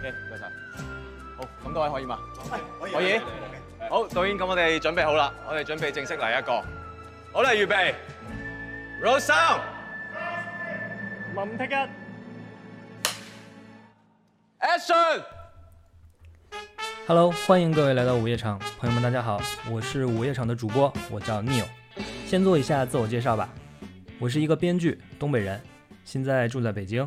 Okay, 謝謝，好，咁多位可以嘛？可以，可以好，對導演，咁對我哋準備好啦，我哋準備正式嚟一個，好啦，預備，Roll sound，林 o n，Action Hello，歡迎各位嚟到午夜場，朋友們，大家好，我是午夜場的主播，我叫 Neil，先做一下自我介紹吧，我是一個編劇，東北人，現在住在北京。